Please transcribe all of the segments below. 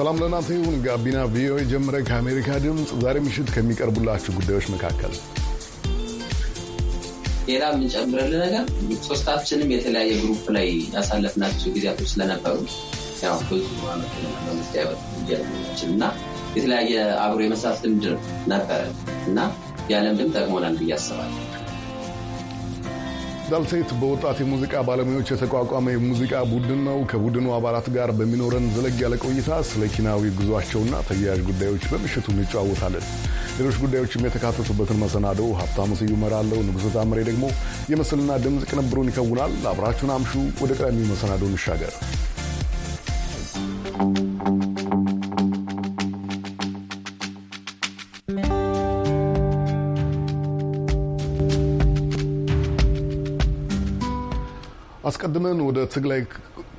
ሰላም ለእናንተ ይሁን። ጋቢና ቪኦኤ ጀምረ ከአሜሪካ ድምፅ ዛሬ ምሽት ከሚቀርቡላችሁ ጉዳዮች መካከል ሌላ የምንጨምርልን ነገር ሶስታችንም የተለያየ ግሩፕ ላይ ያሳለፍናቸው ጊዜያቶች ስለነበሩ ያው ብዙ እና የተለያየ አብሮ የመስራት ልምድ ነበረ እና ያለምድም ልምድም ጠቅሞናል ብዬ አስባለሁ። ዳልሴት በወጣት የሙዚቃ ባለሙያዎች የተቋቋመ የሙዚቃ ቡድን ነው። ከቡድኑ አባላት ጋር በሚኖረን ዘለግ ያለ ቆይታ ስለ ኪናዊ ጉዟቸውና ተያያዥ ጉዳዮች በምሽቱ እንጨዋወታለን። ሌሎች ጉዳዮችም የተካተቱበትን መሰናዶ ሀብታሙ ስዩ እመራለሁ። ንጉሥ ታምሬ ደግሞ የምስልና ድምፅ ቅንብሩን ይከውናል። አብራችሁን አምሹ። ወደ ቀዳሚው መሰናዶ እንሻገር። አስቀድመን ወደ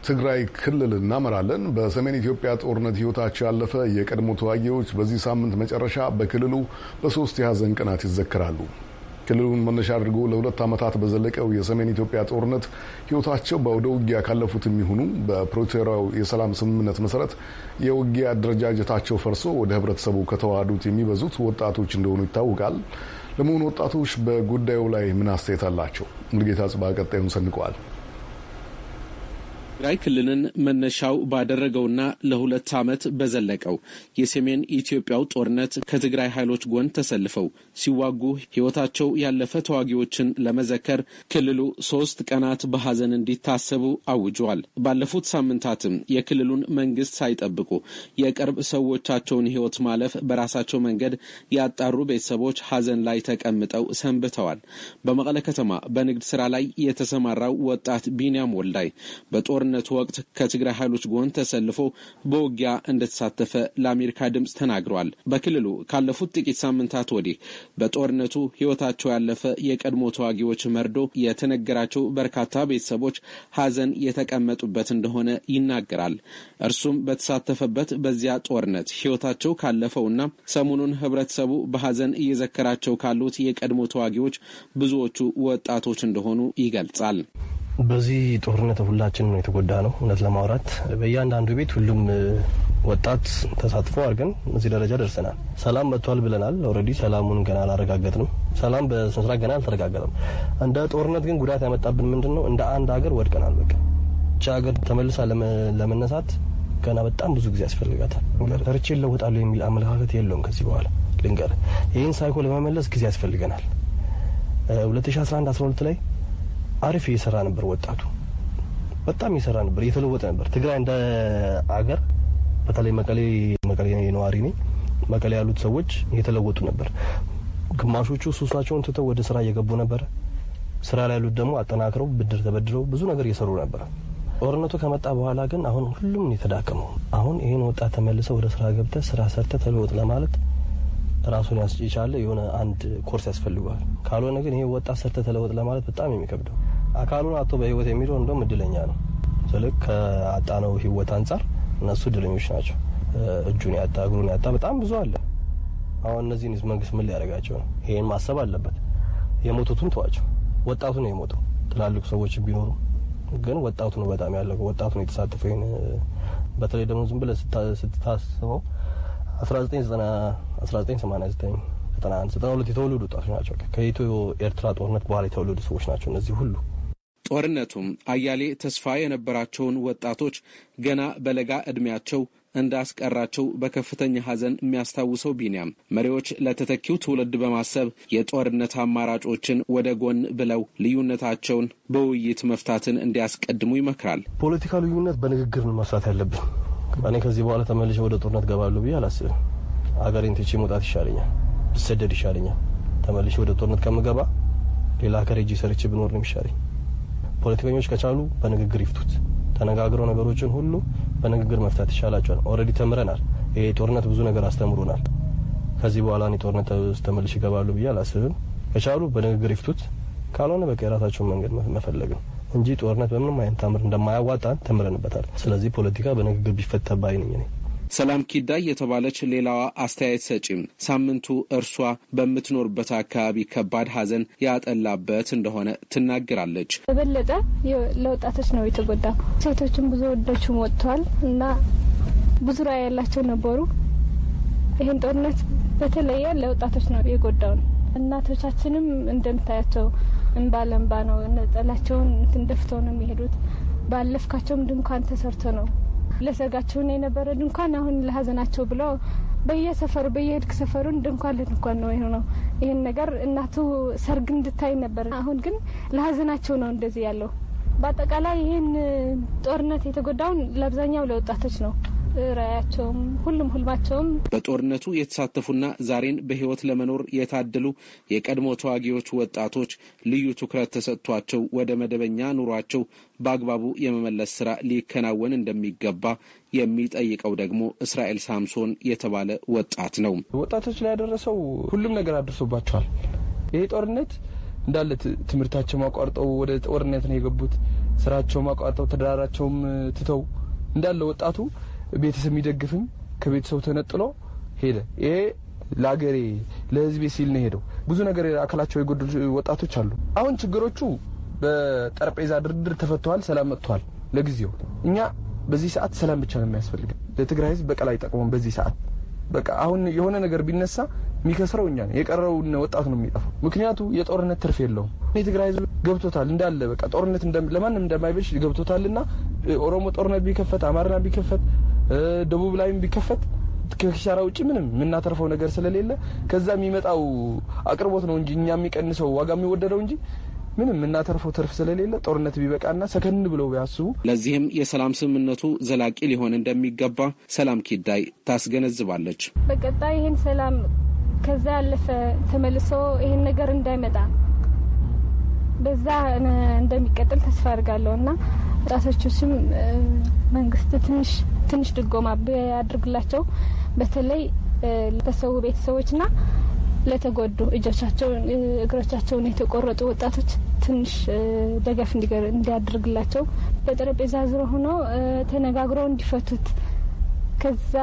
ትግራይ ክልል እናመራለን። በሰሜን ኢትዮጵያ ጦርነት ህይወታቸው ያለፈ የቀድሞ ተዋጊዎች በዚህ ሳምንት መጨረሻ በክልሉ በሶስት የሀዘን ቀናት ይዘክራሉ። ክልሉን መነሻ አድርጎ ለሁለት ዓመታት በዘለቀው የሰሜን ኢትዮጵያ ጦርነት ህይወታቸው በአውደ ውጊያ ካለፉት የሚሆኑ በፕሪቶሪያው የሰላም ስምምነት መሰረት የውጊያ አደረጃጀታቸው ፈርሶ ወደ ህብረተሰቡ ከተዋህዱት የሚበዙት ወጣቶች እንደሆኑ ይታወቃል። ለመሆኑ ወጣቶች በጉዳዩ ላይ ምን አስተያየት አላቸው? ሙልጌታ ጽባ ቀጣዩን ሰንቀዋል። ትግራይ ክልልን መነሻው ባደረገውና ለሁለት ዓመት በዘለቀው የሰሜን ኢትዮጵያው ጦርነት ከትግራይ ኃይሎች ጎን ተሰልፈው ሲዋጉ ሕይወታቸው ያለፈ ተዋጊዎችን ለመዘከር ክልሉ ሶስት ቀናት በሐዘን እንዲታሰቡ አውጇል። ባለፉት ሳምንታትም የክልሉን መንግስት ሳይጠብቁ የቅርብ ሰዎቻቸውን ሕይወት ማለፍ በራሳቸው መንገድ ያጣሩ ቤተሰቦች ሐዘን ላይ ተቀምጠው ሰንብተዋል። በመቀለ ከተማ በንግድ ስራ ላይ የተሰማራው ወጣት ቢንያም ወልዳይ በጦርነት በጦርነቱ ወቅት ከትግራይ ኃይሎች ጎን ተሰልፎ በውጊያ እንደተሳተፈ ለአሜሪካ ድምፅ ተናግሯል። በክልሉ ካለፉት ጥቂት ሳምንታት ወዲህ በጦርነቱ ሕይወታቸው ያለፈ የቀድሞ ተዋጊዎች መርዶ የተነገራቸው በርካታ ቤተሰቦች ሐዘን የተቀመጡበት እንደሆነ ይናገራል። እርሱም በተሳተፈበት በዚያ ጦርነት ሕይወታቸው ካለፈውና ሰሞኑን ህብረተሰቡ በሐዘን እየዘከራቸው ካሉት የቀድሞ ተዋጊዎች ብዙዎቹ ወጣቶች እንደሆኑ ይገልጻል። በዚህ ጦርነት ሁላችን ነው የተጎዳ ነው። እውነት ለማውራት በእያንዳንዱ ቤት ሁሉም ወጣት ተሳትፎ አድርገን እዚህ ደረጃ ደርሰናል። ሰላም መጥቷል ብለናል። ኦልሬዲ ሰላሙን ገና አላረጋገጥንም። ሰላም በስነስርዓት ገና አልተረጋገጠም። እንደ ጦርነት ግን ጉዳት ያመጣብን ምንድን ነው? እንደ አንድ ሀገር ወድቀናል። በቃ ብቻ ሀገር ተመልሳ ለመነሳት ገና በጣም ብዙ ጊዜ ያስፈልጋታል። ተርቼ እለወጣለሁ የሚል አመለካከት የለውም ከዚህ በኋላ ልንገር። ይህን ሳይኮ ለመመለስ ጊዜ ያስፈልገናል። 2011 12 ላይ አሪፍ እየሰራ ነበር። ወጣቱ በጣም እየሰራ ነበር፣ እየተለወጠ ነበር። ትግራይ እንደ አገር በተለይ መቀሌ መቀሌ ነዋሪ ነኝ። መቀሌ ያሉት ሰዎች እየተለወጡ ነበር። ግማሾቹ ሱሳቸውን ትተው ወደ ስራ እየገቡ ነበር። ስራ ላይ ያሉት ደግሞ አጠናክረው ብድር ተበድረው ብዙ ነገር እየሰሩ ነበር። ጦርነቱ ከመጣ በኋላ ግን አሁን ሁሉም የተዳከመው አሁን ይህን ወጣት ተመልሰው ወደ ስራ ገብተ ስራ ሰርተ ተለወጥ ለማለት ራሱን የቻለ የሆነ አንድ ኮርስ ያስፈልገዋል። ካልሆነ ግን ይሄ ወጣት ሰርተ ተለወጥ ለማለት በጣም የሚከብደው አካሉን አቶ በህይወት የሚለው እንደም እድለኛ ነው። ስልክ ከአጣነው ህይወት አንጻር እነሱ እድለኞች ናቸው። እጁን ያጣ እግሩን ያጣ በጣም ብዙ አለ። አሁን እነዚህን መንግስት ምን ሊያደርጋቸው ነው? ይሄን ማሰብ አለበት። የሞቱትን ተዋቸው። ወጣቱ ነው የሞተው። ትላልቅ ሰዎች ቢኖሩ ግን ወጣቱ ነው በጣም ያለቀው። ወጣቱ ነው የተሳተፈው። ይሄን በተለይ ደግሞ ዝም ብለህ ስትታስበው 1989 91 92 የተወለዱ ወጣቶች ናቸው። ከኢትዮ ኤርትራ ጦርነት በኋላ የተወለዱ ሰዎች ናቸው እነዚህ ሁሉ ጦርነቱም አያሌ ተስፋ የነበራቸውን ወጣቶች ገና በለጋ ዕድሜያቸው እንዳስቀራቸው በከፍተኛ ሐዘን የሚያስታውሰው ቢንያም መሪዎች ለተተኪው ትውልድ በማሰብ የጦርነት አማራጮችን ወደ ጎን ብለው ልዩነታቸውን በውይይት መፍታትን እንዲያስቀድሙ ይመክራል። ፖለቲካ ልዩነት በንግግር ነው መፍታት ያለብን። እኔ ከዚህ በኋላ ተመልሼ ወደ ጦርነት ገባሉ ብዬ አላስብም። አገሬን ትቼ መውጣት ይሻለኛል፣ ብሰደድ ይሻለኛል። ተመልሼ ወደ ጦርነት ከምገባ ሌላ ሀገር ሄጄ ሰርቼ ብኖር ነው የሚሻለኝ። ፖለቲከኞች ከቻሉ በንግግር ይፍቱት። ተነጋግረው ነገሮችን ሁሉ በንግግር መፍታት ይሻላቸዋል። ኦልሬዲ ተምረናል። ይሄ ጦርነት ብዙ ነገር አስተምሮናል። ከዚህ በኋላ እኔ ጦርነት ውስጥ ተመልሽ ይገባሉ ብዬ አላስብም። ከቻሉ በንግግር ይፍቱት፣ ካልሆነ በቃ የራሳቸውን መንገድ መፈለግ ነው እንጂ ጦርነት በምንም አይነት ታምር እንደማያዋጣን ተምረንበታል። ስለዚህ ፖለቲካ በንግግር ቢፈታ ባይ ነኝ እኔ። ሰላም ኪዳ የተባለች ሌላዋ አስተያየት ሰጪም ሳምንቱ እርሷ በምትኖርበት አካባቢ ከባድ ሀዘን ያጠላበት እንደሆነ ትናገራለች። በበለጠ ለወጣቶች ነው የተጎዳ። ሴቶችም ብዙ ወደችም ወጥተዋል እና ብዙ ራዕይ ያላቸው ነበሩ። ይህን ጦርነት በተለየ ለወጣቶች ነው የጎዳውን እናቶቻችንም እንደምታያቸው እንባ ለእንባ ነው። ነጠላቸውን እንትን ደፍተው ነው የሚሄዱት። ባለፍካቸውም ድንኳን ተሰርቶ ነው ለሰርጋቸው ነው የነበረ ድንኳን አሁን ለሀዘናቸው ብለው በየሰፈሩ በየህድግ ሰፈሩን ድንኳን ለድንኳን ነው የሆነው። ይህን ነገር እናቱ ሰርግ እንድታይ ነበር። አሁን ግን ለሀዘናቸው ነው እንደዚህ ያለው። በአጠቃላይ ይህን ጦርነት የተጎዳውን ለአብዛኛው ለወጣቶች ነው። ራያቸውም ሁሉም ሁልማቸውም በጦርነቱ የተሳተፉና ዛሬን በህይወት ለመኖር የታደሉ የቀድሞ ተዋጊዎች ወጣቶች ልዩ ትኩረት ተሰጥቷቸው ወደ መደበኛ ኑሯቸው በአግባቡ የመመለስ ስራ ሊከናወን እንደሚገባ የሚጠይቀው ደግሞ እስራኤል ሳምሶን የተባለ ወጣት ነው። ወጣቶች ላይ ያደረሰው ሁሉም ነገር አድርሶባቸዋል። ይሄ ጦርነት እንዳለ ትምህርታቸውም አቋርጠው ወደ ጦርነት ነው የገቡት። ስራቸውም አቋርጠው ትዳራቸውም ትተው እንዳለ ወጣቱ ቤተሰብ የሚደግፍም ከቤተሰቡ ተነጥሎ ሄደ። ይሄ ለአገሬ ለህዝቤ ሲል ነው ሄደው። ብዙ ነገር አካላቸው የጎደሉ ወጣቶች አሉ። አሁን ችግሮቹ በጠረጴዛ ድርድር ተፈተዋል። ሰላም መጥተዋል ለጊዜው። እኛ በዚህ ሰዓት ሰላም ብቻ ነው የሚያስፈልገን። ለትግራይ ህዝብ በቀል አይጠቅሙም። በዚህ ሰዓት በቃ አሁን የሆነ ነገር ቢነሳ የሚከስረው እኛ ነው። የቀረውን ወጣት ነው የሚጠፋው። ምክንያቱ የጦርነት ትርፍ የለውም። የትግራይ ህዝብ ገብቶታል እንዳለ በቃ ጦርነት ለማንም እንደማይበጅ ገብቶታልና ኦሮሞ ጦርነት ቢከፈት፣ አማርና ቢከፈት፣ ደቡብ ላይም ቢከፈት ከኪሳራ ውጭ ምንም የምናተርፈው ነገር ስለሌለ ከዛ የሚመጣው አቅርቦት ነው እንጂ እኛ የሚቀንሰው ዋጋ የሚወደደው እንጂ ምንም የምናተርፈው ትርፍ ስለሌለ ጦርነት ቢበቃና ሰከን ብለው ቢያስቡ። ለዚህም የሰላም ስምምነቱ ዘላቂ ሊሆን እንደሚገባ ሰላም ኪዳይ ታስገነዝባለች። በቀጣይ ይህን ሰላም ከዛ ያለፈ ተመልሶ ይህን ነገር እንዳይመጣ በዛ እንደሚቀጥል ተስፋ አድርጋለሁ እና ስም መንግስት ትንሽ ትንሽ ድጎማ ያድርግላቸው በተለይ ለተሰዉ ቤተሰቦችና ለተጎዱ እጆቻቸውን እግሮቻቸውን የተቆረጡ ወጣቶች ትንሽ ደገፍ እንዲያደርግላቸው በጠረጴዛ ዙሪያ ሆኖ ተነጋግረው እንዲፈቱት ከዛ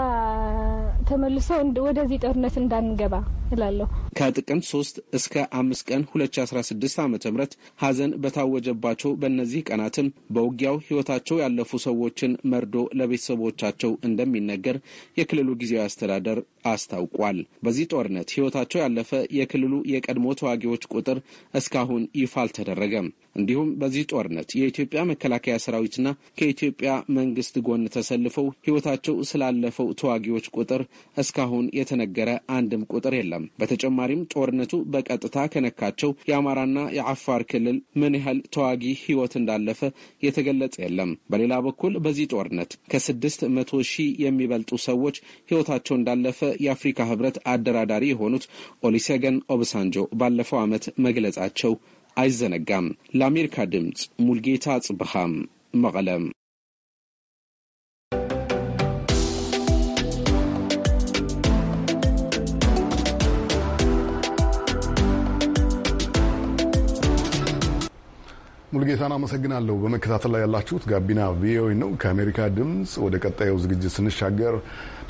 ተመልሰው ወደዚህ ጦርነት እንዳንገባ እላለሁ። ከጥቅምት 3 እስከ 5 ቀን 2016 ዓ ም ሐዘን በታወጀባቸው በእነዚህ ቀናትም በውጊያው ሕይወታቸው ያለፉ ሰዎችን መርዶ ለቤተሰቦቻቸው እንደሚነገር የክልሉ ጊዜያዊ አስተዳደር አስታውቋል። በዚህ ጦርነት ሕይወታቸው ያለፈ የክልሉ የቀድሞ ተዋጊዎች ቁጥር እስካሁን ይፋ አልተደረገም። እንዲሁም በዚህ ጦርነት የኢትዮጵያ መከላከያ ሰራዊትና ከኢትዮጵያ መንግስት ጎን ተሰልፈው ህይወታቸው ስላለፈው ተዋጊዎች ቁጥር እስካሁን የተነገረ አንድም ቁጥር የለም። በተጨማሪም ጦርነቱ በቀጥታ ከነካቸው የአማራና የአፋር ክልል ምን ያህል ተዋጊ ህይወት እንዳለፈ የተገለጸ የለም። በሌላ በኩል በዚህ ጦርነት ከስድስት መቶ ሺህ የሚበልጡ ሰዎች ህይወታቸው እንዳለፈ የአፍሪካ ህብረት አደራዳሪ የሆኑት ኦሊሴገን ኦብሳንጆ ባለፈው ዓመት መግለጻቸው አይዘነጋም። ለአሜሪካ ድምፅ ሙልጌታ ጽብሃም መቐለም ሙልጌታን አመሰግናለሁ። በመከታተል ላይ ያላችሁት ጋቢና ቪኦኤ ነው ከአሜሪካ ድምፅ። ወደ ቀጣዩ ዝግጅት ስንሻገር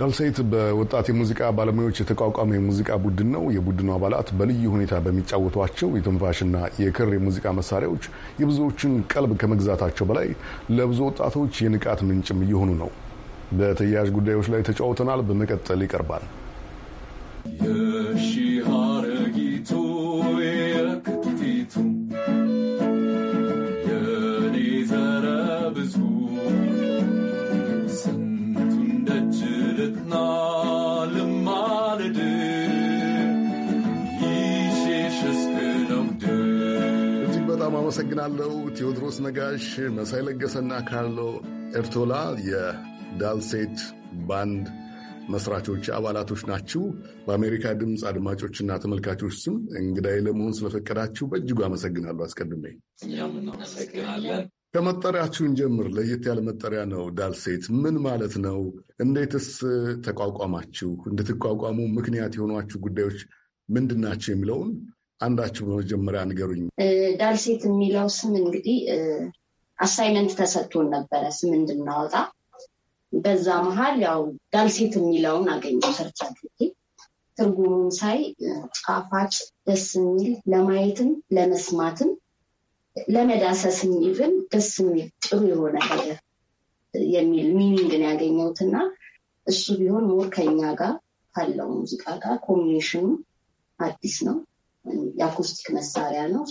ዳልሳይት በወጣት የሙዚቃ ባለሙያዎች የተቋቋመ የሙዚቃ ቡድን ነው። የቡድኑ አባላት በልዩ ሁኔታ በሚጫወቷቸው የትንፋሽና የክር የሙዚቃ መሳሪያዎች የብዙዎችን ቀልብ ከመግዛታቸው በላይ ለብዙ ወጣቶች የንቃት ምንጭም እየሆኑ ነው። በተያያዥ ጉዳዮች ላይ ተጫውተናል። በመቀጠል ይቀርባል። አመሰግናለሁ። ቴዎድሮስ ነጋሽ፣ መሳይ ለገሰና ካርሎ ኤርቶላ የዳልሴት ባንድ መስራቾች አባላቶች ናችሁ። በአሜሪካ ድምፅ አድማጮችና ተመልካቾች ስም እንግዳይ ለመሆን ስለፈቀዳችሁ በእጅጉ አመሰግናለሁ። አስቀድሜ ከመጠሪያችሁን ጀምር። ለየት ያለ መጠሪያ ነው። ዳልሴት ምን ማለት ነው? እንዴትስ ተቋቋማችሁ? እንድትቋቋሙ ምክንያት የሆኗችሁ ጉዳዮች ምንድን ናቸው የሚለውን አንዳችሁ በመጀመሪያ ንገሩኝ። ዳልሴት የሚለው ስም እንግዲህ አሳይመንት ተሰጥቶን ነበረ ስም እንድናወጣ። በዛ መሀል ያው ዳልሴት የሚለውን አገኘው ሰርች አድርጌ ትርጉሙን ሳይ ጣፋጭ፣ ደስ የሚል ለማየትም ለመስማትም ለመዳሰስ ኢቭን ደስ የሚል ጥሩ የሆነ ነገር የሚል ሚኒንግን ያገኘሁትና እሱ ቢሆን ሞር ከኛ ጋር ካለው ሙዚቃ ጋር ኮምቢኔሽኑ አዲስ ነው። የአኩስቲክ መሳሪያ ነው።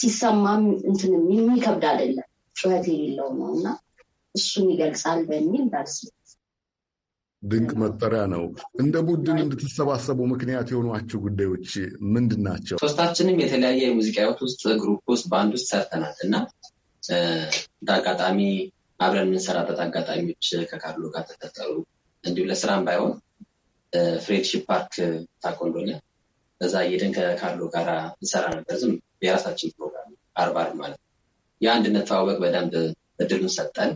ሲሰማም እንትን የሚከብድ አይደለም፣ ጩኸት የሌለው ነው እና እሱን ይገልጻል በሚል ዳርስ ድንቅ መጠሪያ ነው። እንደ ቡድን እንድትሰባሰቡ ምክንያት የሆኗቸው ጉዳዮች ምንድን ናቸው? ሶስታችንም የተለያየ የሙዚቃ ህይወት ውስጥ ግሩፕ ውስጥ በአንድ ውስጥ ሰርተናል እና እንደ አጋጣሚ አብረን የምንሰራበት አጋጣሚዎች ከካርሎ ጋር ተፈጠሩ። እንዲሁም ለስራም ባይሆን ፍሬድሺፕ ፓርክ ታቆንዶኛል በዛ እየድን ከካርሎ ጋር እንሰራ ነበር። ዝም የራሳችን ፕሮግራም አርባ አርብ ማለት ነው። የአንድነት ተዋወቅ በደንብ እድሉን ሰጠን።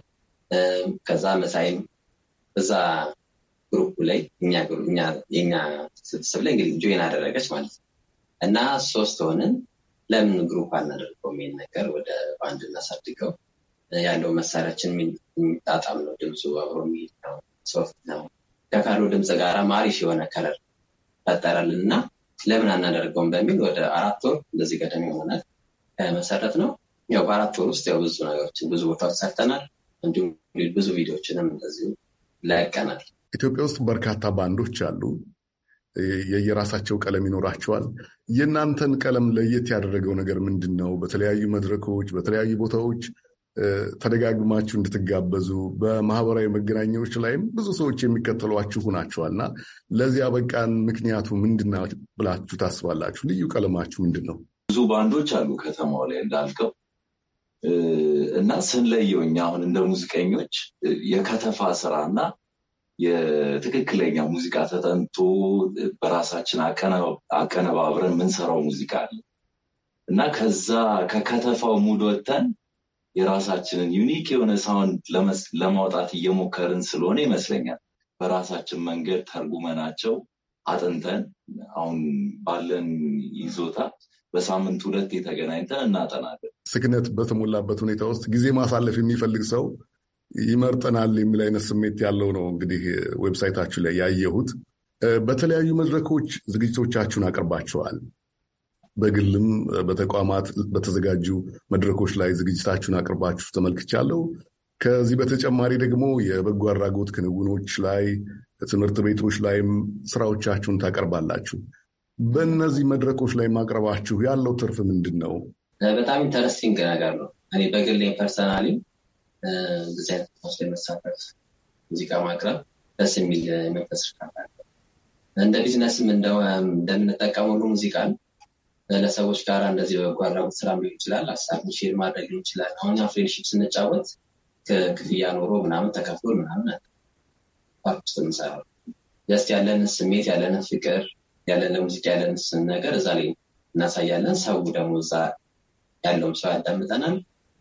ከዛ መሳይም በዛ ግሩፕ ላይ የኛ ስብስብ ላይ እንግዲህ ጆይን አደረገች ማለት ነው እና ሶስት ሆንን። ለምን ግሩፕ አናደርገው የሚል ነገር ወደ ባንድ እናሳድገው ያለው መሳሪያችን የሚጣጣም ነው። ድምፁ አብሮ የሚሄድ ነው። ሶፍት ነው። ከካሉ ድምፅ ጋር ማሪሽ የሆነ ከለር ፈጠረልን እና ለምን አናደርገውም በሚል ወደ አራት ወር እንደዚህ ገደም የሆነ መሰረት ነው። ያው በአራት ወር ውስጥ ያው ብዙ ነገሮችን ብዙ ቦታዎች ሰርተናል። እንዲሁም ብዙ ቪዲዮችንም እንደዚሁ ለቀናል። ኢትዮጵያ ውስጥ በርካታ ባንዶች አሉ። የየራሳቸው ቀለም ይኖራቸዋል። የእናንተን ቀለም ለየት ያደረገው ነገር ምንድን ነው? በተለያዩ መድረኮች፣ በተለያዩ ቦታዎች ተደጋግማችሁ እንድትጋበዙ በማህበራዊ መገናኛዎች ላይም ብዙ ሰዎች የሚከተሏችሁ ሆናችኋልና ለዚያ በቃን ምክንያቱ ምንድን ነው ብላችሁ ታስባላችሁ? ልዩ ቀለማችሁ ምንድን ነው? ብዙ ባንዶች አሉ ከተማው ላይ እንዳልከው እና ስንለየው እኛ አሁን እንደ ሙዚቀኞች የከተፋ ስራ እና የትክክለኛ ሙዚቃ ተጠንቶ በራሳችን አቀነባብረን የምንሰራው ሙዚቃ አለ እና ከዛ ከከተፋው ሙድ ወጥተን የራሳችንን ዩኒክ የሆነ ሳውንድ ለማውጣት እየሞከርን ስለሆነ ይመስለኛል በራሳችን መንገድ ተርጉመናቸው አጥንተን አሁን ባለን ይዞታ በሳምንት ሁለት የተገናኝተን እናጠናለን። ስክነት በተሞላበት ሁኔታ ውስጥ ጊዜ ማሳለፍ የሚፈልግ ሰው ይመርጠናል የሚል አይነት ስሜት ያለው ነው። እንግዲህ ዌብሳይታችሁ ላይ ያየሁት በተለያዩ መድረኮች ዝግጅቶቻችሁን አቅርባችኋል። በግልም በተቋማት በተዘጋጁ መድረኮች ላይ ዝግጅታችሁን አቅርባችሁ ተመልክቻለሁ። ከዚህ በተጨማሪ ደግሞ የበጎ አድራጎት ክንውኖች ላይ፣ ትምህርት ቤቶች ላይም ስራዎቻችሁን ታቀርባላችሁ። በእነዚህ መድረኮች ላይ ማቅረባችሁ ያለው ትርፍ ምንድን ነው? በጣም ኢንተረስቲንግ ነገር ነው። እኔ በግሌ ፐርሰናሊ እንደዚህ አይነት መሳተፍ፣ ሙዚቃ ማቅረብ ደስ የሚል መንፈስ እርካታ እንደ ቢዝነስም እንደምንጠቀም ሙዚቃን ለሰዎች ጋር እንደዚህ በጎ አድራጎት ስራ ሊሆን ይችላል፣ ሀሳብ ሼር ማድረግ ሊሆን ይችላል። አሁን ፍሬንድሺፕ ስንጫወት ክፍያ ኖሮ ምናምን ተከፍሎ ምናምን ፓርክ ውስጥ የምንሰራው ጀስት ያለንን ስሜት ያለንን ፍቅር ያለን ለሙዚቃ ያለንን ነገር እዛ ላይ እናሳያለን። ሰው ደግሞ እዛ ያለውም ሰው ያዳምጠናል፣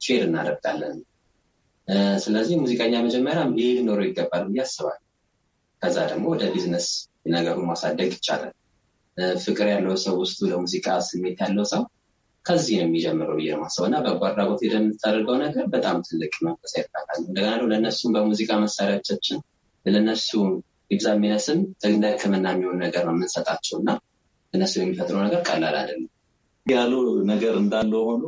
ሼር እናደርጋለን። ስለዚህ ሙዚቀኛ መጀመሪያ ይህ ሊኖረው ይገባል ብዬ አስባለሁ። ከዛ ደግሞ ወደ ቢዝነስ ነገሩን ማሳደግ ይቻላል። ፍቅር ያለው ሰው ውስጡ ለሙዚቃ ስሜት ያለው ሰው ከዚህ ነው የሚጀምረው ብዬ ነው የማስበው እና በጎ አድራጎት ሄደን የምታደርገው ነገር በጣም ትልቅ መንፈሳ ይርካታል። እንደገና ደግሞ ለእነሱም በሙዚቃ መሳሪያዎቻችን ለእነሱ ይብዛ የሚነስም እንደ ሕክምና የሚሆን ነገር ነው የምንሰጣቸው እና እነሱ የሚፈጥረው ነገር ቀላል አይደለም ያሉ ነገር እንዳለው ሆኖ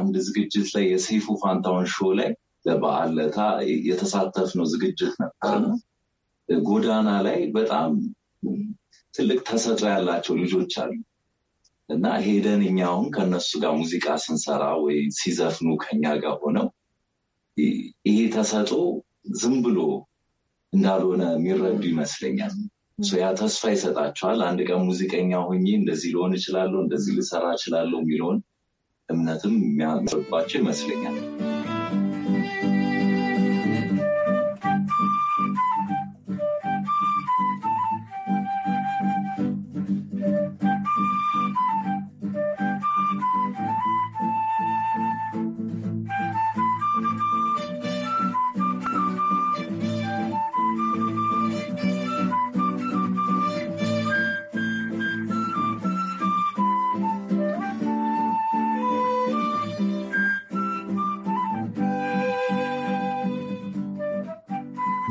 አንድ ዝግጅት ላይ የሰይፉ ፋንታውን ሾ ላይ ለበዓል ለታ የተሳተፍነው ዝግጅት ነበርና ጎዳና ላይ በጣም ትልቅ ተሰጥኦ ያላቸው ልጆች አሉ እና ሄደን እኛ አሁን ጋር ሙዚቃ ስንሰራ ወይ ሲዘፍኑ ከኛ ጋር ሆነው ይሄ ተሰጦ ዝም ብሎ እንዳልሆነ የሚረዱ ይመስለኛል። ያ ተስፋ ይሰጣቸዋል። አንድ ቀን ሙዚቀኛ ሆኜ እንደዚህ ልሆን እችላለሁ፣ እንደዚህ ልሰራ እችላለሁ የሚለውን እምነትም የሚያምርባቸው ይመስለኛል።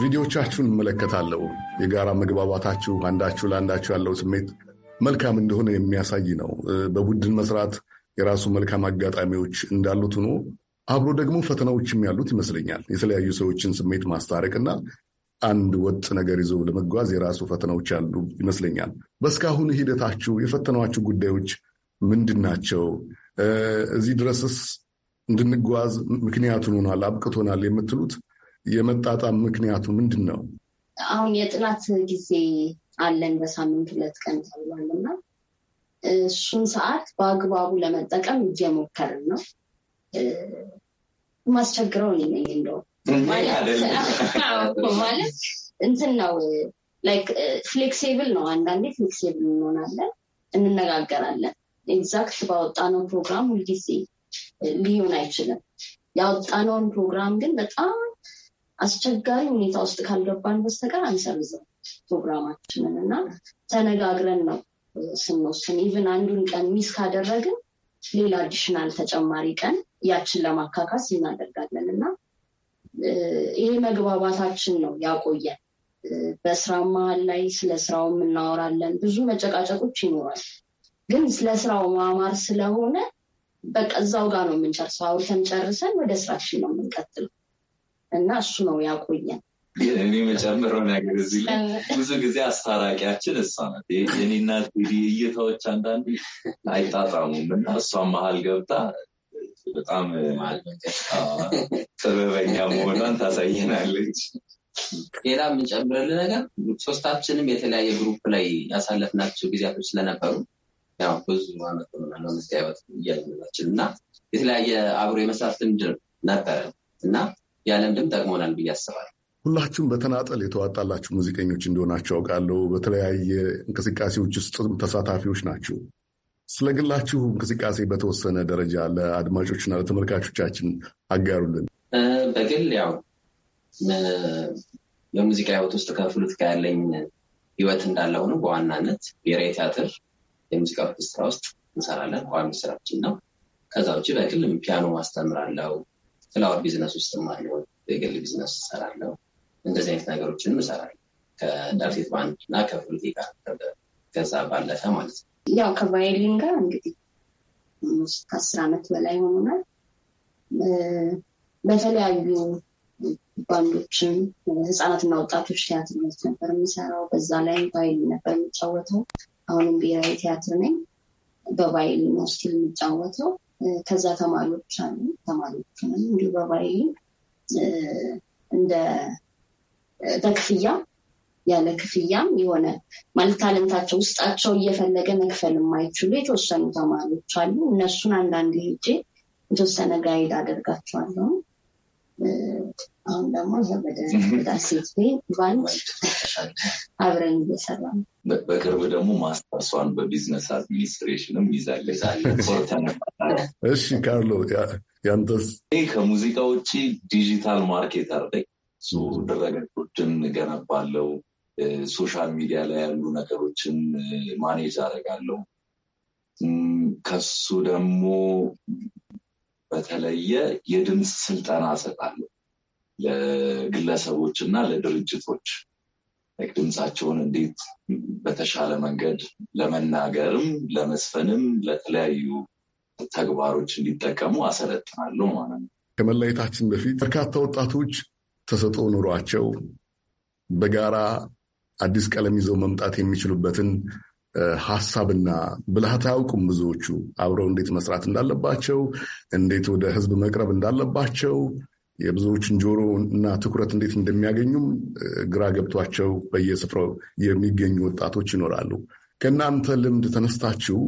ቪዲዮቻችሁን እመለከታለሁ። የጋራ መግባባታችሁ፣ አንዳችሁ ለአንዳችሁ ያለው ስሜት መልካም እንደሆነ የሚያሳይ ነው። በቡድን መስራት የራሱ መልካም አጋጣሚዎች እንዳሉት ሆኖ አብሮ ደግሞ ፈተናዎችም ያሉት ይመስለኛል። የተለያዩ ሰዎችን ስሜት ማስታረቅና አንድ ወጥ ነገር ይዞ ለመጓዝ የራሱ ፈተናዎች ያሉ ይመስለኛል። በእስካሁን ሂደታችሁ የፈተኗችሁ ጉዳዮች ምንድን ናቸው? እዚህ ድረስስ እንድንጓዝ ምክንያቱን ሆኗል፣ አብቅቶናል የምትሉት የመጣጣም ምክንያቱ ምንድን ነው? አሁን የጥናት ጊዜ አለን በሳምንት ሁለት ቀን ተብሏል እና እሱን ሰዓት በአግባቡ ለመጠቀም እየሞከርን ነው። ማስቸግረው እኔ ነኝ እንደው ማለት እንትን ነው ፍሌክሲብል ነው። አንዳንዴ ፍሌክሲብል እንሆናለን፣ እንነጋገራለን። ኤግዛክት ባወጣነው ፕሮግራም ሁልጊዜ ሊሆን አይችልም። ያወጣነውን ፕሮግራም ግን በጣም አስቸጋሪ ሁኔታ ውስጥ ካልገባን በስተቀር አንሰርዘው ፕሮግራማችንን እና ተነጋግረን ነው ስንወስን ኢቭን አንዱን ቀን ሚስ ካደረግን ሌላ አዲሽናል ተጨማሪ ቀን ያችን ለማካካስ እናደርጋለን እና ይሄ መግባባታችን ነው ያቆየን። በስራ መሀል ላይ ስለ ስራው እናወራለን። ብዙ መጨቃጨቆች ይኖራል፣ ግን ስለ ስራው ማማር ስለሆነ በቃ እዛው ጋር ነው የምንጨርሰው። አውርተን ጨርሰን ወደ ስራችን ነው የምንቀጥለው። እና እሱ ነው ያቆየን። እኔ መጨምረው ነገር እዚህ ላይ ብዙ ጊዜ አስታራቂያችን እሷ ናት። የኔና እይታዎች አንዳንድ አይጣጣሙም እና እሷ መሀል ገብታ በጣም ጥበበኛ መሆኗን ታሳየናለች። ሌላ የምንጨምርልን ነገር ሶስታችንም የተለያየ ግሩፕ ላይ ያሳለፍናቸው ጊዜያቶች ስለነበሩ ያው ብዙ ማለት እያለችን እና የተለያየ አብሮ የመስራት ልምድ ነበረ እና የዓለም ልምድ ጠቅሞናል ብዬ አስባለሁ። ሁላችሁም በተናጠል የተዋጣላችሁ ሙዚቀኞች እንደሆናችሁ አውቃለሁ። በተለያየ እንቅስቃሴዎች ውስጥ ተሳታፊዎች ናችሁ። ስለግላችሁ እንቅስቃሴ በተወሰነ ደረጃ ለአድማጮችና ለተመልካቾቻችን አጋሩልን። በግል ያው በሙዚቃ ህይወት ውስጥ ከፍሉት ጋር ያለኝ ህይወት እንዳለ ሆኖ በዋናነት ብሔራዊ ቲያትር የሙዚቃ ኦርኬስትራ ውስጥ እንሰራለን። ቋሚ ስራችን ነው። ከዛ ውጭ በግል ፒያኖ ማስተምራለው፣ ፍላወር ቢዝነስ ውስጥም አለው። የግል ቢዝነስ እሰራለሁ። እንደዚህ አይነት ነገሮችንም እሰራለሁ ከዳሴት ባንድ እና ከፖለቲካ ጋር ከዛ ባለፈ ማለት ነው። ያው ከቫይሊን ጋር እንግዲህ ከአስር ዓመት በላይ ሆኖናል። በተለያዩ ባንዶችን ህፃናትና ወጣቶች ቲያትር ቤት ነበር የሚሰራው። በዛ ላይ ቫይሊን ነበር የሚጫወተው። አሁንም ብሔራዊ ቲያትር ነኝ፣ በቫይሊን ነው ስቲል የሚጫወተው። ከዛ ተማሪዎች አሉ ተማሪዎች እንዲሁ በባይሌ እንደ በክፍያ ያለ ክፍያም የሆነ ማለት ታለንታቸው ውስጣቸው እየፈለገ መክፈል የማይችሉ የተወሰኑ ተማሪዎች አሉ። እነሱን አንዳንድ ሄጄ የተወሰነ ጋይድ አደርጋቸዋለሁ። አሁን ደግሞ ሴት ቤት ባንድ አብረን እየሰራ ነው። በቅርብ ደግሞ ማስተርሷን በቢዝነስ አድሚኒስትሬሽንም ይዛለች። እሺ ካርሎ ያንተስ? ይህ ከሙዚቃ ውጭ ዲጂታል ማርኬተር ላይ ድረገጦችን ገነባለው፣ ሶሻል ሚዲያ ላይ ያሉ ነገሮችን ማኔጅ አደርጋለሁ። ከሱ ደግሞ በተለየ የድምፅ ስልጠና እሰጣለሁ። ለግለሰቦች እና ለድርጅቶች ድምፃቸውን እንዴት በተሻለ መንገድ ለመናገርም ለመስፈንም ለተለያዩ ተግባሮች እንዲጠቀሙ አሰለጥናለሁ ማለት ነው። ከመለየታችን በፊት በርካታ ወጣቶች ተሰጥኦ ኑሯቸው በጋራ አዲስ ቀለም ይዘው መምጣት የሚችሉበትን ሀሳብና ብልሃት አያውቁም። ብዙዎቹ አብረው እንዴት መስራት እንዳለባቸው፣ እንዴት ወደ ህዝብ መቅረብ እንዳለባቸው የብዙዎችን ጆሮ እና ትኩረት እንዴት እንደሚያገኙም ግራ ገብቷቸው በየስፍራው የሚገኙ ወጣቶች ይኖራሉ። ከእናንተ ልምድ ተነስታችሁ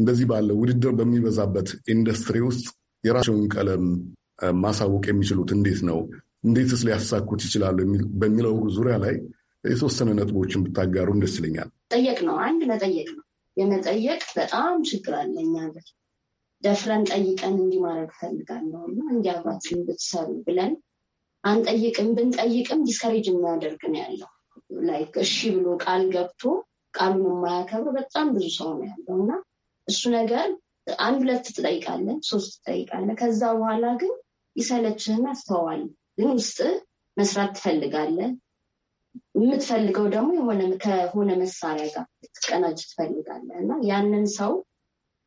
እንደዚህ ባለ ውድድር በሚበዛበት ኢንዱስትሪ ውስጥ የራሳቸውን ቀለም ማሳወቅ የሚችሉት እንዴት ነው? እንዴትስ ሊያሳኩት ይችላሉ? በሚለው ዙሪያ ላይ የተወሰነ ነጥቦችን ብታጋሩ ደስ ይለኛል። ጠየቅ ነው አንድ መጠየቅ ነው። የመጠየቅ በጣም ችግር አለ እኛ ደፍረን ጠይቀን እንዲህ ማድረግ ፈልጋለሁ እና እንዲህ አብራችሁ ብትሰሩ ብለን አንጠይቅም። ብንጠይቅም ዲስከሬጅ የሚያደርግ ነው ያለው። ላይክ እሺ ብሎ ቃል ገብቶ ቃሉን የማያከብር በጣም ብዙ ሰው ነው ያለው እና እሱ ነገር አንድ ሁለት ትጠይቃለ፣ ሶስት ትጠይቃለ። ከዛ በኋላ ግን ይሰለችህና ትተዋል። ግን ውስጥ መስራት ትፈልጋለ። የምትፈልገው ደግሞ ከሆነ መሳሪያ ጋር ትቀናጅ ትፈልጋለ እና ያንን ሰው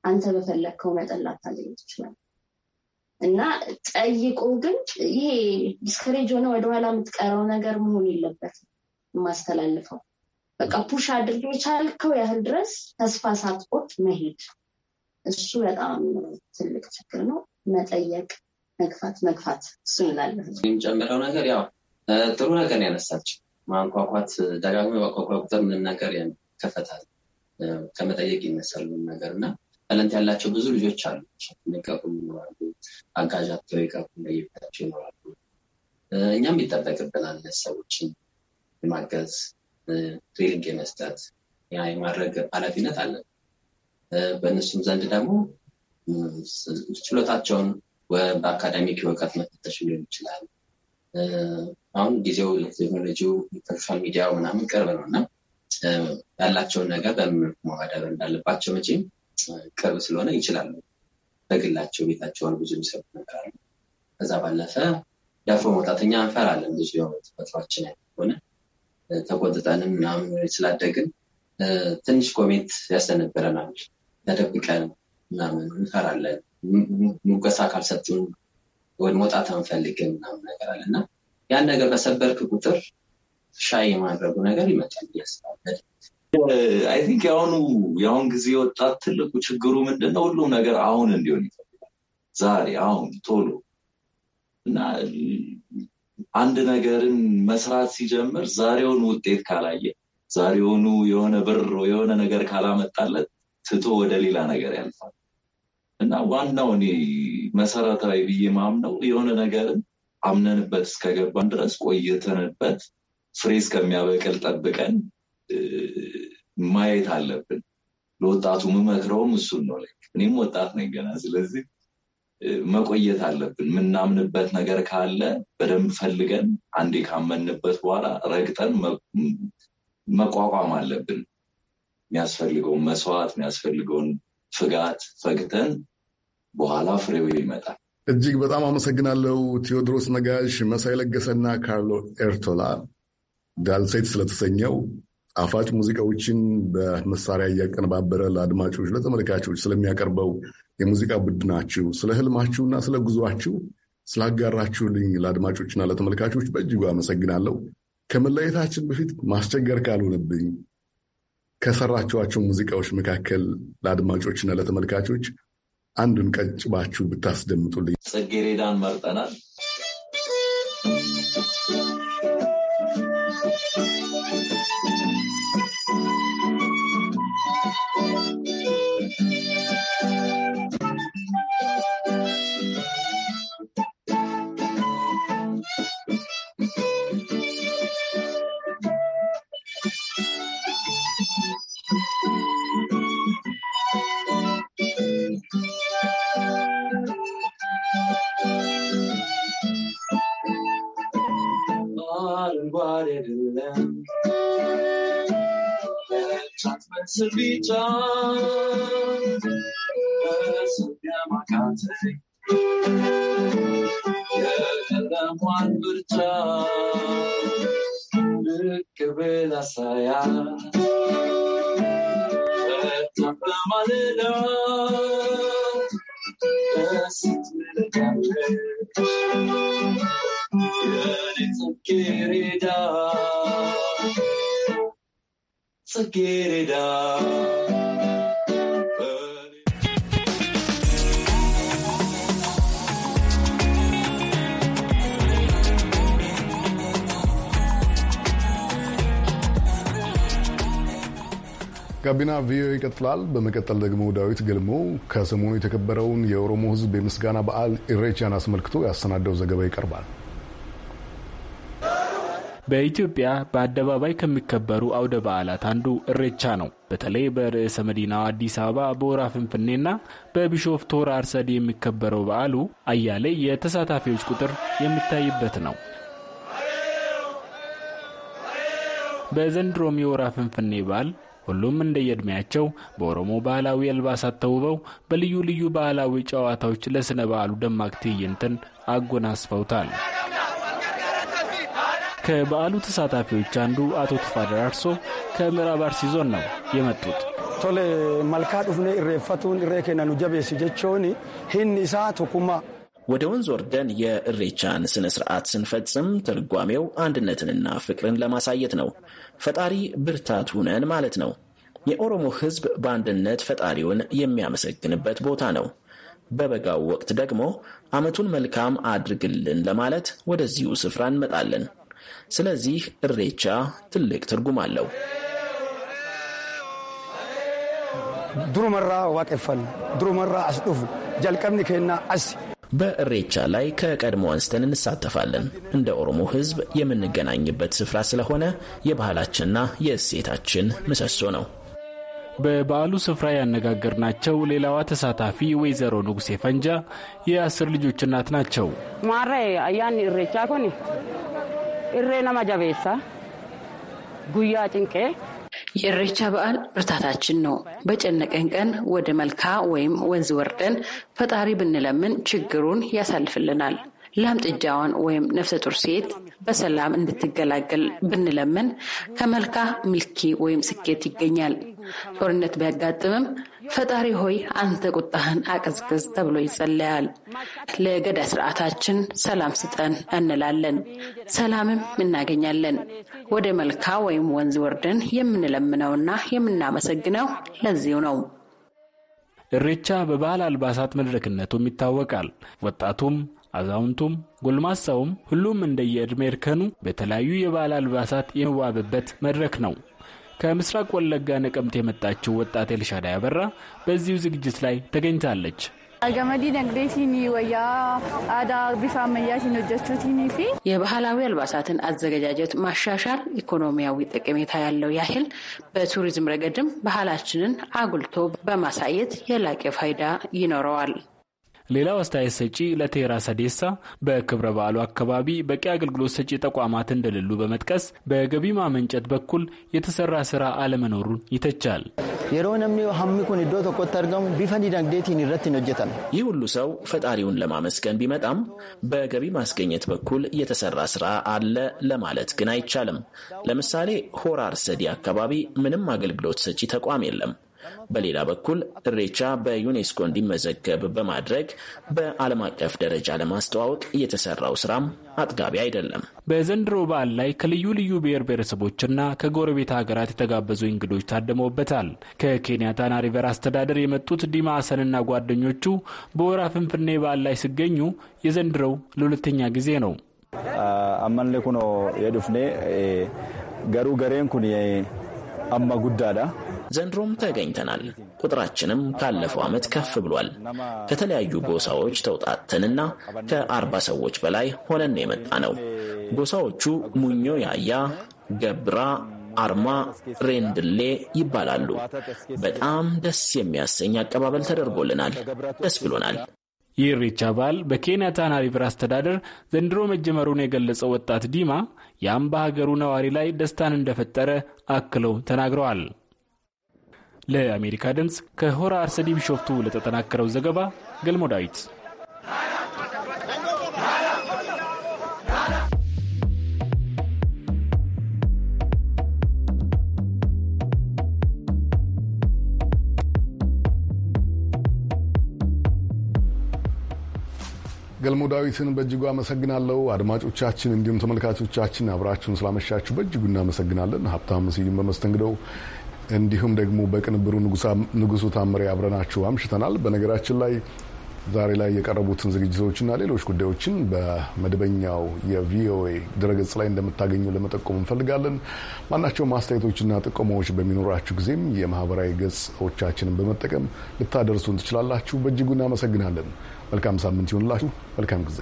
አንተ በፈለግከው መጠን ላታገኝ ትችላል እና ጠይቁ። ግን ይሄ ዲስከሬጅ ሆነ ወደኋላ የምትቀረው ነገር መሆን የለበትም። የማስተላልፈው በቃ ፑሽ አድርግ የቻልከው ያህል ድረስ ተስፋ ሳትቆርጥ መሄድ። እሱ በጣም ትልቅ ችግር ነው። መጠየቅ፣ መግፋት፣ መግፋት እሱ ይላለሁ። የሚጨምረው ነገር ያው ጥሩ ነገር ያነሳች ማንኳኳት፣ ደጋግሞ ማንኳኳ ቁጥር ምንም ነገር ከፈታል ከመጠየቅ ይነሳል ነገር እና ታለንት ያላቸው ብዙ ልጆች አሉ። ሚቀቁ ይኖራሉ፣ አጋዣቸው ይቀቁ እንደየቤታቸው ይኖራሉ። እኛም ይጠበቅብናል ሰዎችን የማገዝ ትሬኒንግ የመስጠት የማድረግ ኃላፊነት አለን። በእነሱም ዘንድ ደግሞ ችሎታቸውን በአካዳሚክ እውቀት መፈተሽ ሊሆን ይችላል። አሁን ጊዜው ቴክኖሎጂው ሶሻል ሚዲያው ምናምን ቅርብ ነው እና ያላቸውን ነገር በምን ማዳበር እንዳለባቸው መቼም ቅርብ ስለሆነ ይችላሉ። በግላቸው ቤታቸውን ብዙ የሚሰሩ ነገር አለ። ከዛ ባለፈ ደፍሮ መውጣተኛ እንፈራለን። ብዙ የሆነ ተፈጥሯችን ሆነ ተቆጥጠንም ምናምን ስላደግን ትንሽ ኮሜት ያስተነብረናል። ተደብቀን ምናምን እንፈራለን። ሙገሳ ካልሰጡን ወደ መውጣት አንፈልግም ምናምን ነገር አለ እና ያን ነገር በሰበርክ ቁጥር ሻይ የማድረጉ ነገር ይመጣል ያስባል አይ ቲንክ የአሁኑ የአሁን ጊዜ ወጣት ትልቁ ችግሩ ምንድን ነው? ሁሉም ነገር አሁን እንዲሆን ይፈልጋል። ዛሬ፣ አሁን፣ ቶሎ እና አንድ ነገርን መስራት ሲጀምር ዛሬውን ውጤት ካላየ ዛሬውኑ የሆነ ብር የሆነ ነገር ካላመጣለት ትቶ ወደ ሌላ ነገር ያልፋል እና ዋናው እኔ መሰረታዊ ብዬ ማምነው የሆነ ነገርን አምነንበት እስከገባን ድረስ ቆይተንበት ፍሬ እስከሚያበቅል ጠብቀን ማየት አለብን። ለወጣቱ የምመክረውም እሱን ነው። እኔም ወጣት ነኝ ገና። ስለዚህ መቆየት አለብን። የምናምንበት ነገር ካለ በደንብ ፈልገን አንዴ ካመንበት በኋላ ረግጠን መቋቋም አለብን። የሚያስፈልገውን መስዋዕት፣ የሚያስፈልገውን ፍጋት ፈግተን በኋላ ፍሬው ይመጣል። እጅግ በጣም አመሰግናለሁ። ቴዎድሮስ ነጋሽ፣ መሳይ ለገሰና ካርሎ ኤርቶላ ዳልሴት ስለተሰኘው ጣፋጭ ሙዚቃዎችን በመሳሪያ እያቀነባበረ ለአድማጮች ለተመልካቾች ስለሚያቀርበው የሙዚቃ ቡድናችሁ ስለ ህልማችሁና ስለ ጉዟችሁ ስላጋራችሁልኝ ለአድማጮችና ለተመልካቾች በእጅጉ አመሰግናለሁ። ከመለየታችን በፊት ማስቸገር ካልሆነብኝ ከሰራችኋቸው ሙዚቃዎች መካከል ለአድማጮችና ለተመልካቾች አንዱን ቀጭባችሁ ብታስደምጡልኝ። ጽጌሬዳን መርጠናል። Thank you. to be done. As ሜዳ ጋቢና ቪኦኤ ይቀጥላል። በመቀጠል ደግሞ ዳዊት ገልሞ ከሰሞኑ የተከበረውን የኦሮሞ ሕዝብ የምስጋና በዓል ኢሬቻን አስመልክቶ ያሰናደው ዘገባ ይቀርባል። በኢትዮጵያ በአደባባይ ከሚከበሩ አውደ በዓላት አንዱ እሬቻ ነው። በተለይ በርዕሰ መዲናው አዲስ አበባ በወራ ፍንፍኔና በቢሾፍቱ ቶር አርሰዲ የሚከበረው በዓሉ አያሌ የተሳታፊዎች ቁጥር የሚታይበት ነው። በዘንድሮም የወራ ፍንፍኔ በዓል ሁሉም እንደየዕድሜያቸው በኦሮሞ ባህላዊ አልባሳት ተውበው በልዩ ልዩ ባህላዊ ጨዋታዎች ለሥነ በዓሉ ደማቅ ትዕይንትን አጎናስፈውታል። ከበዓሉ ተሳታፊዎች አንዱ አቶ ቱፋ ደራርሶ ከምዕራብ አርሲ ዞን ነው የመጡት። ቶለ መልካ ዱፍኔ እሬፈቱን እሬ ኬናኑ ጀቾኒ ሂን ኢሳ ቶኩማ ወደ ወንዝ ወርደን የእሬቻን ስነ ስርዓት ስንፈጽም ትርጓሜው አንድነትንና ፍቅርን ለማሳየት ነው። ፈጣሪ ብርታት ሁነን ማለት ነው። የኦሮሞ ሕዝብ በአንድነት ፈጣሪውን የሚያመሰግንበት ቦታ ነው። በበጋው ወቅት ደግሞ ዓመቱን መልካም አድርግልን ለማለት ወደዚሁ ስፍራ እንመጣለን። ስለዚህ እሬቻ ትልቅ ትርጉም አለው። ድሩመራ ዋቀፈል ድሩመራ አስዱፍ ጃልቀብኒ ከና አስ በእሬቻ ላይ ከቀድሞ አንስተን እንሳተፋለን። እንደ ኦሮሞ ሕዝብ የምንገናኝበት ስፍራ ስለሆነ የባህላችንና የእሴታችን ምሰሶ ነው። በበዓሉ ስፍራ ያነጋገርናቸው ሌላዋ ተሳታፊ ወይዘሮ ንጉሴ ፈንጃ የአስር ልጆች እናት ናቸው። ማራ አያን እሬቻ ኮኒ irree nama jabeessa guyyaa cinqee የእሬቻ በዓል ብርታታችን ነው። በጨነቀን ቀን ወደ መልካ ወይም ወንዝ ወርደን ፈጣሪ ብንለምን ችግሩን ያሳልፍልናል። ላም ጥጃዋን ወይም ነፍሰ ጡር ሴት በሰላም እንድትገላገል ብንለምን ከመልካ ምልኪ ወይም ስኬት ይገኛል። ጦርነት ቢያጋጥምም ፈጣሪ ሆይ አንተ ቁጣህን አቀዝቅዝ ተብሎ ይጸለያል። ለገዳ ስርዓታችን ሰላም ስጠን እንላለን፣ ሰላምም እናገኛለን። ወደ መልካ ወይም ወንዝ ወርደን የምንለምነውና የምናመሰግነው ለዚሁ ነው። እሬቻ በባህል አልባሳት መድረክነቱም ይታወቃል። ወጣቱም አዛውንቱም ጎልማሳውም ሁሉም እንደየዕድሜ እርከኑ በተለያዩ የባህል አልባሳት የሚዋብበት መድረክ ነው። ከምስራቅ ወለጋ ነቀምት የመጣችው ወጣት ኤልሻዳ ያበራ በዚሁ ዝግጅት ላይ ተገኝታለች። ገመዲ ወያ አዳ ቢፋ ወጀቹቲኒ ፊ የባህላዊ አልባሳትን አዘገጃጀት ማሻሻል ኢኮኖሚያዊ ጠቀሜታ ያለው ያህል በቱሪዝም ረገድም ባህላችንን አጉልቶ በማሳየት የላቀ ፋይዳ ይኖረዋል። ሌላው አስተያየት ሰጪ ለቴራ ሰዴሳ በክብረ በዓሉ አካባቢ በቂ አገልግሎት ሰጪ ተቋማት እንደሌሉ በመጥቀስ በገቢ ማመንጨት በኩል የተሰራ ስራ አለመኖሩን ይተቻል። ይህ ሁሉ ሰው ፈጣሪውን ለማመስገን ቢመጣም በገቢ ማስገኘት በኩል የተሰራ ስራ አለ ለማለት ግን አይቻልም። ለምሳሌ ሆራር ሰዲ አካባቢ ምንም አገልግሎት ሰጪ ተቋም የለም። በሌላ በኩል እሬቻ በዩኔስኮ እንዲመዘገብ በማድረግ በዓለም አቀፍ ደረጃ ለማስተዋወቅ የተሰራው ስራም አጥጋቢ አይደለም። በዘንድሮ በዓል ላይ ከልዩ ልዩ ብሔር ብሔረሰቦችና ከጎረቤት ሀገራት የተጋበዙ እንግዶች ታደመውበታል። ከኬንያ ታና ሪቨር አስተዳደር የመጡት ዲማ አሰንና ጓደኞቹ በወራ ፍንፍኔ በዓል ላይ ሲገኙ የዘንድሮው ለሁለተኛ ጊዜ ነው። አመንሌኩኖ የዱፍኔ ገሩ ገሬን ኩን አማ ጉዳዳ ዘንድሮም ተገኝተናል። ቁጥራችንም ካለፈው ዓመት ከፍ ብሏል። ከተለያዩ ጎሳዎች ተውጣተንና ከአርባ ሰዎች በላይ ሆነን የመጣ ነው። ጎሳዎቹ ሙኞ ያያ፣ ገብራ አርማ ሬንድሌ ይባላሉ። በጣም ደስ የሚያሰኝ አቀባበል ተደርጎልናል። ደስ ብሎናል። ይህ ኢሬቻ በዓል በኬንያ ታና ሪቨር አስተዳደር ዘንድሮ መጀመሩን የገለጸው ወጣት ዲማ የአምባ ሀገሩ ነዋሪ ላይ ደስታን እንደፈጠረ አክለው ተናግረዋል። ለአሜሪካ ድምፅ ከሆራ አርሰዲ ቢሾፍቱ ለተጠናከረው ዘገባ ገልሞ ዳዊት። ገልሞ ዳዊትን በእጅጉ አመሰግናለሁ። አድማጮቻችን እንዲሁም ተመልካቾቻችን አብራችሁን ስላመሻችሁ በእጅጉ እናመሰግናለን። ሀብታም ስዩም በመስተንግደው እንዲሁም ደግሞ በቅንብሩ ንጉሱ ታምሬ አብረናችሁ አምሽተናል። በነገራችን ላይ ዛሬ ላይ የቀረቡትን ዝግጅቶችና ሌሎች ጉዳዮችን በመደበኛው የቪኦኤ ድረገጽ ላይ እንደምታገኙ ለመጠቆም እንፈልጋለን። ማናቸውም አስተያየቶችና ጥቆማዎች በሚኖራችሁ ጊዜም የማህበራዊ ገጾቻችንን በመጠቀም ልታደርሱን ትችላላችሁ። በእጅጉ እናመሰግናለን። መልካም ሳምንት ይሆንላችሁ። መልካም ጊዜ